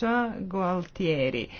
Gualtieri.